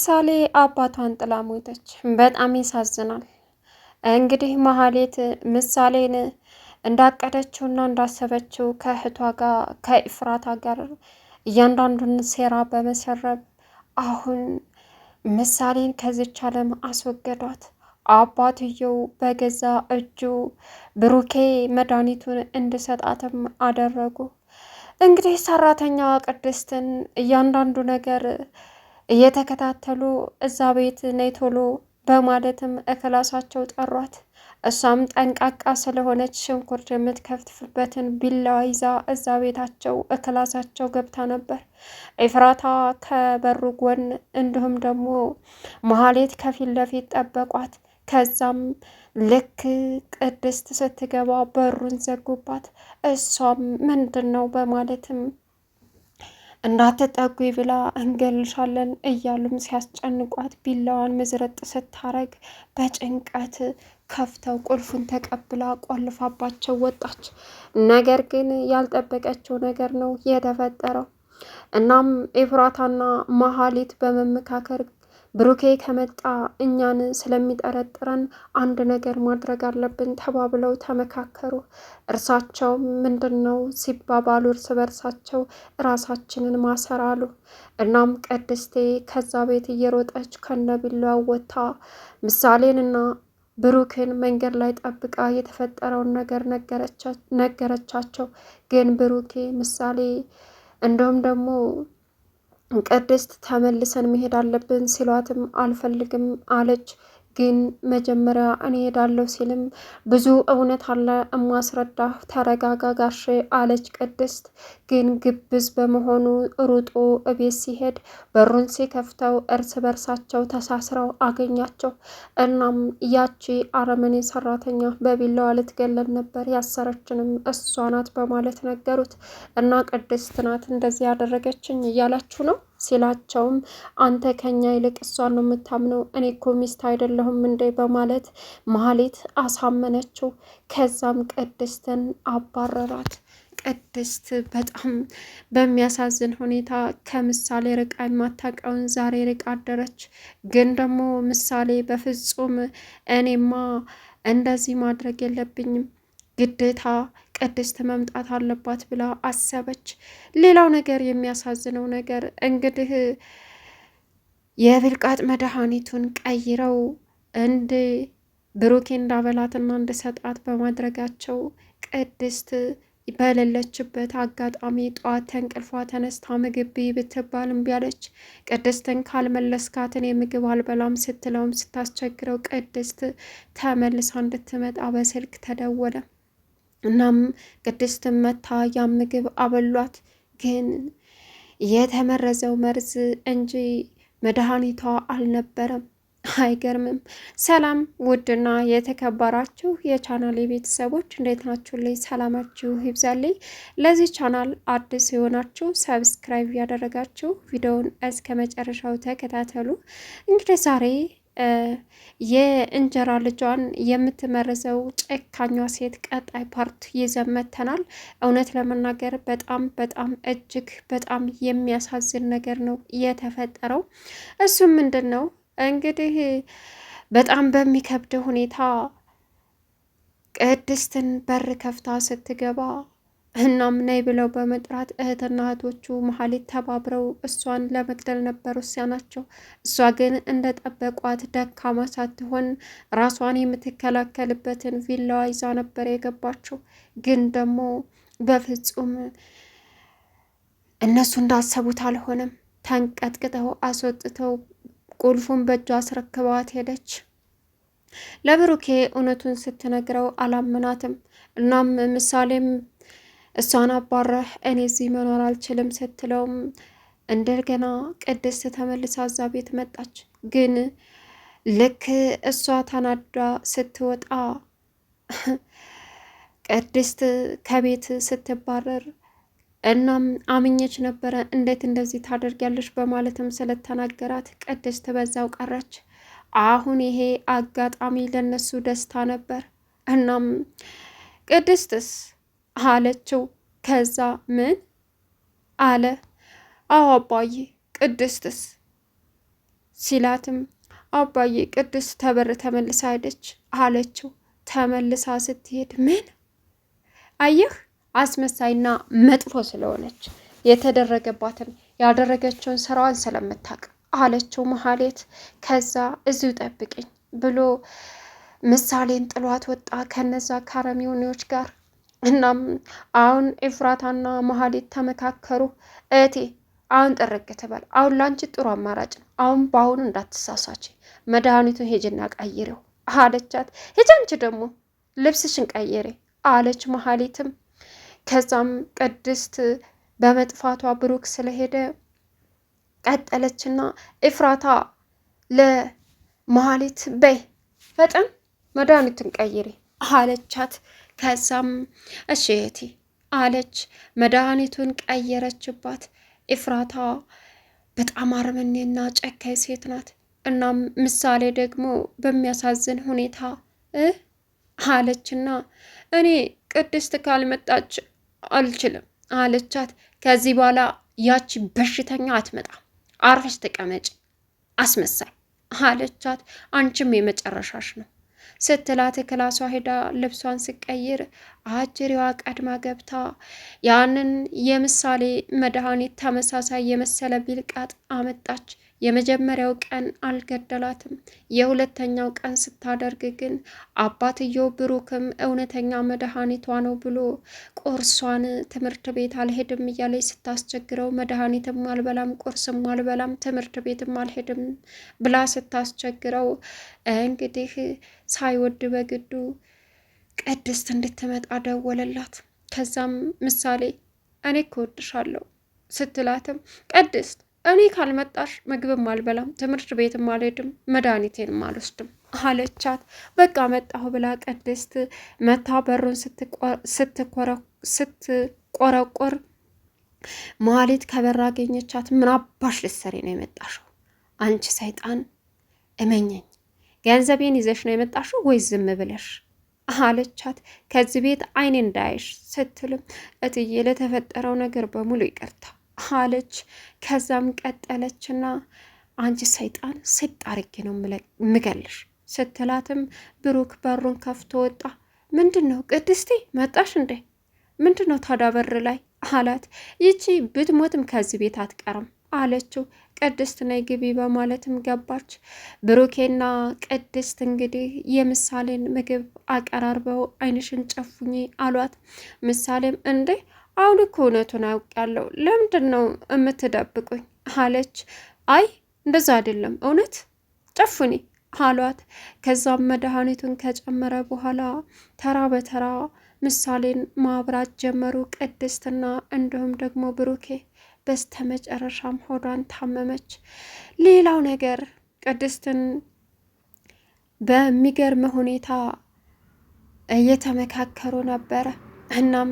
ምሳሌ አባቷን ጥላ ሞተች። በጣም ያሳዝናል። እንግዲህ መሀሌት ምሳሌን እንዳቀደችውና እንዳሰበችው ከእህቷ ጋር ከኢፍራታ ጋር እያንዳንዱን ሴራ በመሰረብ አሁን ምሳሌን ከዚች ዓለም አስወገዷት። አባትየው በገዛ እጁ ብሩኬ መድኃኒቱን እንድሰጣትም አደረጉ። እንግዲህ ሰራተኛዋ ቅድስትን እያንዳንዱ ነገር እየተከታተሉ እዛ ቤት ነይ ቶሎ በማለትም እክላሳቸው ጠሯት። እሷም ጠንቃቃ ስለሆነች ሽንኩርት የምትከትፍበትን ቢላዋ ይዛ እዛ ቤታቸው እክላሳቸው ገብታ ነበር። ኤፍራታ ከበሩ ጎን እንዲሁም ደግሞ መሀሌት ከፊት ለፊት ጠበቋት። ከዛም ልክ ቅድስት ስትገባ በሩን ዘጉባት። እሷም ምንድን ነው በማለትም እንዳትጠጉ ብላ እንገልሻለን እያሉም ሲያስጨንቋት ቢላዋን ምዝረጥ ስታረግ በጭንቀት ከፍተው ቁልፉን ተቀብላ ቆልፋባቸው ወጣች። ነገር ግን ያልጠበቀችው ነገር ነው የተፈጠረው። እናም ኤፍራታና መሀሊት በመመካከር ብሩኬ ከመጣ እኛን ስለሚጠረጥረን አንድ ነገር ማድረግ አለብን ተባብለው ተመካከሩ። እርሳቸው ምንድን ነው ሲባባሉ እርስ በርሳቸው ራሳችንን ማሰር አሉ። እናም ቅድስቴ ከዛ ቤት እየሮጠች ከነቢላዋ ወታ ምሳሌንና ብሩክን መንገድ ላይ ጠብቃ የተፈጠረውን ነገር ነገረቻቸው። ግን ብሩኬ ምሳሌ እንዲሁም ደግሞ ቅድስት ተመልሰን መሄድ አለብን ሲሏትም አልፈልግም አለች። ግን መጀመሪያ እኔ ሄዳለሁ ሲልም ብዙ እውነት አለ እማስረዳ፣ ተረጋጋ ጋሼ አለች ቅድስት። ግን ግብዝ በመሆኑ ሩጦ እቤት ሲሄድ በሩን ሲከፍተው እርስ በርሳቸው ተሳስረው አገኛቸው። እናም ያቺ አረመኔ ሰራተኛ በቢላዋ ልትገለን ነበር ያሰረችንም እሷ ናት በማለት ነገሩት እና ቅድስት ናት እንደዚህ ያደረገችኝ እያላችሁ ነው ሲላቸውም አንተ ከኛ ይልቅ እሷን ነው የምታምነው፣ እኔ እኮ ሚስት አይደለሁም እንዴ በማለት ማህሌት አሳመነችው። ከዛም ቅድስትን አባረራት። ቅድስት በጣም በሚያሳዝን ሁኔታ ከምሳሌ ርቃ የማታውቀውን ዛሬ ርቃ አደረች። ግን ደግሞ ምሳሌ በፍጹም እኔማ እንደዚህ ማድረግ የለብኝም ግዴታ ቅድስት መምጣት አለባት ብላ አሰበች። ሌላው ነገር የሚያሳዝነው ነገር እንግዲህ የብልቃጥ መድኃኒቱን ቀይረው እንድ ብሩኬ እንዳበላትና እንድሰጣት በማድረጋቸው ቅድስት በሌለችበት አጋጣሚ ጠዋት ተንቅልፏ ተነስታ ምግብ ብትባል እምቢ አለች። ቅድስትን ካልመለስካትን የምግብ አልበላም ስትለውም ስታስቸግረው ቅድስት ተመልሳ እንድትመጣ በስልክ ተደወለ። እናም ቅድስት መታ ያ ምግብ አበሏት። ግን የተመረዘው መርዝ እንጂ መድኃኒቷ አልነበረም። አይገርምም። ሰላም ውድና የተከበራችሁ የቻናል የቤተሰቦች እንዴት ናችሁ? ላይ ሰላማችሁ ይብዛልኝ። ለዚህ ቻናል አዲስ የሆናችሁ ሰብስክራይብ ያደረጋችሁ ቪዲዮውን እስከ መጨረሻው ተከታተሉ። እንግዲህ ዛሬ የእንጀራ ልጇን የምትመርዘው ጨካኛ ሴት ቀጣይ ፓርት ይዘመተናል። እውነት ለመናገር በጣም በጣም እጅግ በጣም የሚያሳዝን ነገር ነው የተፈጠረው። እሱም ምንድን ነው እንግዲህ በጣም በሚከብድ ሁኔታ ቅድስትን በር ከፍታ ስትገባ እናም ነይ ብለው በመጥራት እህትና እህቶቹ ተባብረው እሷን ለመግደል ነበር ውሳናቸው። እሷ ግን እንደ ጠበቋት ደካማ ሳትሆን ራሷን የምትከላከልበትን ቪላዋ ይዛ ነበር የገባችው። ግን ደግሞ በፍጹም እነሱ እንዳሰቡት አልሆነም። ተንቀጥቅጠው አስወጥተው ቁልፉን በእጇ አስረክበዋት ሄደች። ለብሩኬ እውነቱን ስትነግረው አላመናትም። እናም ምሳሌም እሷን አባረህ እኔ እዚህ መኖር አልችልም ስትለውም እንደገና ቅድስት ተመልሳ እዛ ቤት መጣች። ግን ልክ እሷ ተናዳ ስትወጣ ቅድስት ከቤት ስትባረር እናም አምኘች ነበረ እንዴት እንደዚህ ታደርጊያለሽ በማለትም ስለተናገራት ቅድስት በዛው ቀረች። አሁን ይሄ አጋጣሚ ለነሱ ደስታ ነበር። እናም ቅድስትስ አለችው። ከዛ ምን አለ? አዎ አባዬ ቅድስትስ ሲላትም አባዬ ቅድስት ተበር ተመልሳ ሄደች አለችው። ተመልሳ ስትሄድ ምን አየህ፣ አስመሳይና መጥፎ ስለሆነች የተደረገባትን ያደረገችውን ስራዋን ስለምታውቅ አለችው መሀሌት። ከዛ እዚሁ ጠብቅኝ ብሎ ምሳሌን ጥሏት ወጣ ከነዛ ካረሚዮኒዎች ጋር እናም አሁን ኤፍራታና መሀሌት ተመካከሩ። እቴ አሁን ጥርቅ ትበል። አሁን ላንቺ ጥሩ አማራጭ ነው። አሁን በአሁኑ እንዳትሳሳች፣ መድኃኒቱን ሄጅና ቀይሬው አለቻት። ሂጂ አንቺ ደግሞ ልብስሽን ቀይሬ አለች መሀሌትም። ከዛም ቅድስት በመጥፋቷ ብሩክ ስለሄደ ቀጠለችና ኤፍራታ ለመሀሌት በይ ፈጠን መድኃኒቱን ቀይሬ አለቻት። ከዛም እሺ እህቴ አለች። መድኃኒቱን ቀየረችባት። ኢፍራታ በጣም አረመኔና ጨካኝ ሴት ናት። እናም ምሳሌ ደግሞ በሚያሳዝን ሁኔታ እ አለችና እኔ ቅድስት ካልመጣች አልችልም አለቻት። ከዚህ በኋላ ያቺ በሽተኛ አትመጣም፣ አርፈሽ ተቀመጭ አስመሳይ አለቻት። አንቺም የመጨረሻሽ ነው ስትላት ክላሷ ሄዳ ልብሷን ስቀይር አጅሬዋ ቀድማ ገብታ ያንን የምሳሌ መድኃኒት ተመሳሳይ የመሰለ ቢልቃጥ አመጣች። የመጀመሪያው ቀን አልገደላትም። የሁለተኛው ቀን ስታደርግ ግን አባትየው ብሩክም እውነተኛ መድኃኒቷ ነው ብሎ ቁርሷን ትምህርት ቤት አልሄድም እያለች ስታስቸግረው መድኃኒትም አልበላም፣ ቁርስም አልበላም፣ ትምህርት ቤትም አልሄድም ብላ ስታስቸግረው እንግዲህ ሳይወድ በግዱ ቅድስት እንድትመጣ ደወለላት። ከዛም ምሳሌ እኔ እኮ እወድሻለሁ ስትላትም ቅድስት እኔ ካልመጣሽ ምግብም አልበላም፣ ትምህርት ቤትም አልሄድም፣ መድኃኒቴንም አልወስድም አለቻት። በቃ መጣሁ ብላ ቅድስት መታ በሩን ስትቆረቆር መሀሌት ከበር አገኘቻት። ምን አባሽ ልትሰሪ ነው የመጣሽው? አንቺ ሰይጣን እመኘኝ፣ ገንዘቤን ይዘሽ ነው የመጣሽው ወይ ዝም ብለሽ አለቻት። ከዚህ ቤት አይኔ እንዳይሽ ስትልም እትዬ ለተፈጠረው ነገር በሙሉ ይቅርታ አለች። ከዛም ቀጠለችና አንቺ ሰይጣን ስጥ አርጌ ነው ምገልሽ ስትላትም ብሩክ በሩን ከፍቶ ወጣ። ምንድን ነው ቅድስቴ መጣሽ እንዴ? ምንድን ነው ታዳ በር ላይ አላት። ይቺ ብትሞትም ከዚህ ቤት አትቀርም አለችው። ቅድስት ነይ ግቢ በማለትም ገባች። ብሩኬና ቅድስት እንግዲህ የምሳሌን ምግብ አቀራርበው አይንሽን ጨፉኝ አሏት። ምሳሌም እንዴ አሁን እኮ እውነቱን አውቄያለሁ። ለምንድን ነው የምትደብቁኝ? አለች። አይ እንደዛ አይደለም እውነት ጨፉኒ አሏት። ከዛም መድኃኒቱን ከጨመረ በኋላ ተራ በተራ ምሳሌን ማብራት ጀመሩ ቅድስትና እንዲሁም ደግሞ ብሩኬ። በስተመጨረሻም ሆዷን ታመመች። ሌላው ነገር ቅድስትን በሚገርም ሁኔታ እየተመካከሩ ነበረ እናም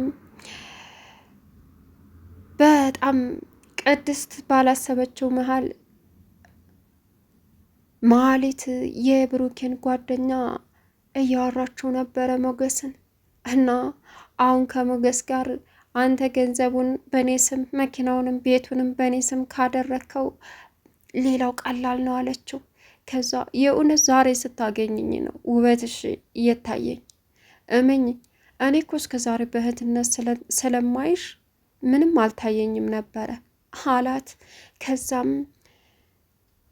በጣም ቅድስት ባላሰበችው መሀል ማሌት የብሩኬን ጓደኛ እያወራችው ነበረ ሞገስን እና አሁን ከሞገስ ጋር አንተ ገንዘቡን በእኔ ስም መኪናውንም ቤቱንም በእኔ ስም ካደረግከው ሌላው ቀላል ነው አለችው። ከዛ የእውነት ዛሬ ስታገኝኝ ነው ውበትሽ እየታየኝ እመኝ እኔ እኮ እስከ ዛሬ በእህትነት ስለማይሽ ምንም አልታየኝም ነበረ አላት። ከዛም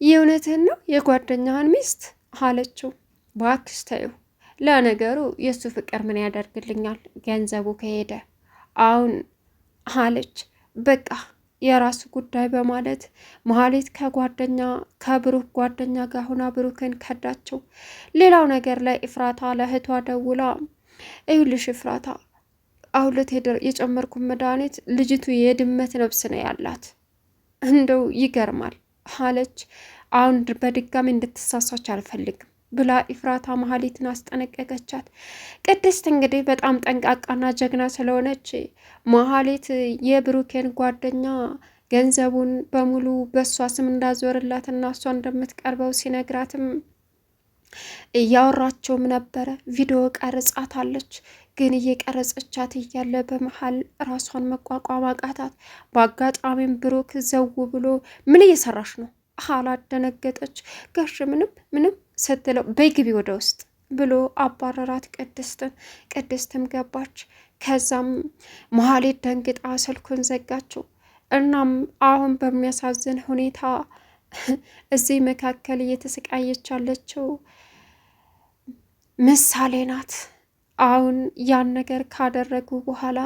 የእውነትህን ነው የጓደኛህን ሚስት አለችው። እባክሽ ተይው፣ ለነገሩ የእሱ ፍቅር ምን ያደርግልኛል ገንዘቡ ከሄደ አሁን አለች። በቃ የራሱ ጉዳይ በማለት መሀሌት ከጓደኛ ከብሩክ ጓደኛ ጋር ሁና ብሩክን ከዳቸው። ሌላው ነገር ላይ እፍራታ ለእህቷ ደውላ እዩልሽ ፍራታ። አሁለት የጨመርኩት መድኃኒት ልጅቱ የድመት ነብስ ነው ያላት። እንደው ይገርማል አለች። አሁን በድጋሚ እንድትሳሳች አልፈልግም ብላ ኢፍራታ መሀሊትን አስጠነቀቀቻት። ቅድስት እንግዲህ በጣም ጠንቃቃና ጀግና ስለሆነች መሀሊት የብሩኬን ጓደኛ ገንዘቡን በሙሉ በእሷ ስም እና እሷ እንደምትቀርበው ሲነግራትም እያወራቸውም ነበረ። ቪዲዮ ቀርጻታለች። ግን እየቀረጸቻት እያለ በመሀል ራሷን መቋቋም አቃታት። በአጋጣሚም ብሩክ ዘው ብሎ ምን እየሰራሽ ነው? አላደነገጠች ጋሽ ምንም ምንም ስትለው በግቢ ወደ ውስጥ ብሎ አባረራት ቅድስትን። ቅድስትም ገባች። ከዛም መሀሌት ደንግጣ ስልኩን ዘጋችው። እናም አሁን በሚያሳዝን ሁኔታ እዚህ መካከል እየተሰቃየች ያለችው ምሳሌ ናት። አሁን ያን ነገር ካደረጉ በኋላ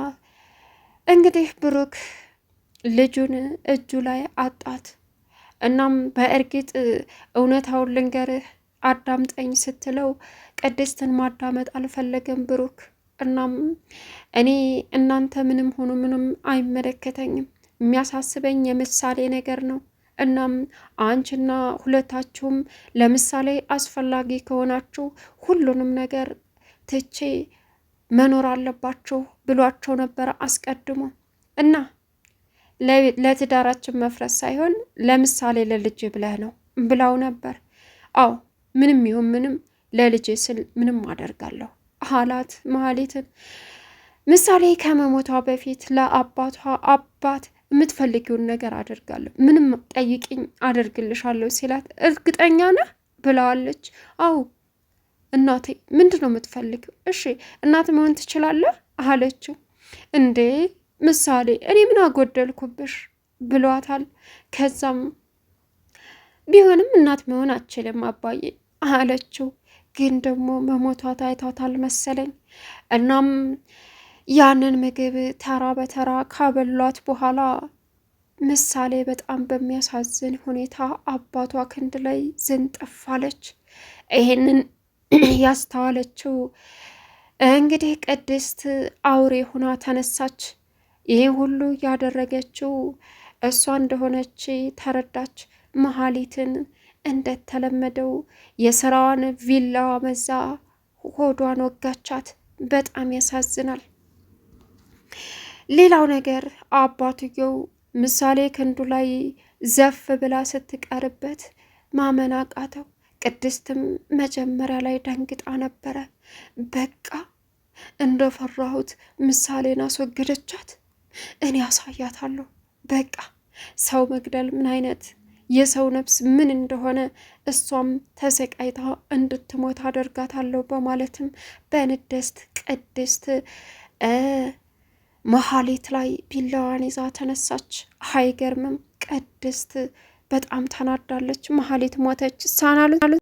እንግዲህ ብሩክ ልጁን እጁ ላይ አጣት። እናም በእርግጥ እውነታውን ልንገርህ አዳምጠኝ ስትለው ቅድስትን ማዳመጥ አልፈለገም ብሩክ። እናም እኔ እናንተ ምንም ሆኑ ምንም አይመለከተኝም፣ የሚያሳስበኝ የምሳሌ ነገር ነው። እናም አንቺና ሁለታችሁም ለምሳሌ አስፈላጊ ከሆናችሁ ሁሉንም ነገር ትቼ መኖር አለባችሁ ብሏቸው ነበረ አስቀድሞ እና ለትዳራችን መፍረስ ሳይሆን ለምሳሌ ለልጅ ብለህ ነው ብላው ነበር። አዎ ምንም ይሁን ምንም ለልጄ ስል ምንም አደርጋለሁ አላት መሀሌትን። ምሳሌ ከመሞቷ በፊት ለአባቷ አባት የምትፈልጊውን ነገር አደርጋለሁ፣ ምንም ጠይቅኝ አደርግልሻለሁ ሲላት እርግጠኛ ነህ ብለዋለች። አዎ እናቴ ምንድን ነው የምትፈልጊው? እሺ እናት መሆን ትችላለህ አለችው። እንዴ ምሳሌ እኔ ምን አጎደልኩብሽ ብሏታል። ከዛም ቢሆንም እናት መሆን አችልም አባዬ አለችው። ግን ደግሞ መሞቷ ታይቷታል መሰለኝ። እናም ያንን ምግብ ተራ በተራ ካበሏት በኋላ ምሳሌ በጣም በሚያሳዝን ሁኔታ አባቷ ክንድ ላይ ዝንጥፋለች። ይሄንን ያስተዋለችው። እንግዲህ ቅድስት አውሬ ሁና ተነሳች። ይህ ሁሉ ያደረገችው እሷ እንደሆነች ተረዳች። መሀሊትን እንደተለመደው የስራዋን ቪላዋ መዛ ሆዷን ወጋቻት። በጣም ያሳዝናል። ሌላው ነገር አባትየው ምሳሌ ክንዱ ላይ ዘፍ ብላ ስትቀርበት ማመን አቃተው። ቅድስትም መጀመሪያ ላይ ደንግጣ ነበረ። በቃ እንደፈራሁት ምሳሌን አስወገደቻት። እኔ አሳያታለሁ። በቃ ሰው መግደል ምን አይነት የሰው ነፍስ ምን እንደሆነ እሷም ተሰቃይታ እንድትሞት አደርጋታለሁ በማለትም በንደስት ቅድስት መሀሌት ላይ ቢላዋን ይዛ ተነሳች። አይገርምም ቅድስት በጣም ተናዳለች። መሀሌት ሞተች። ሳናሉ